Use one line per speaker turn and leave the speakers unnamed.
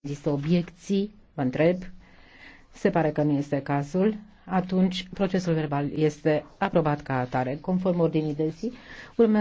Există obiecții? Vă întreb. Se pare că nu este cazul. Atunci, procesul verbal este aprobat ca atare. Conform ordinii de zi, urmează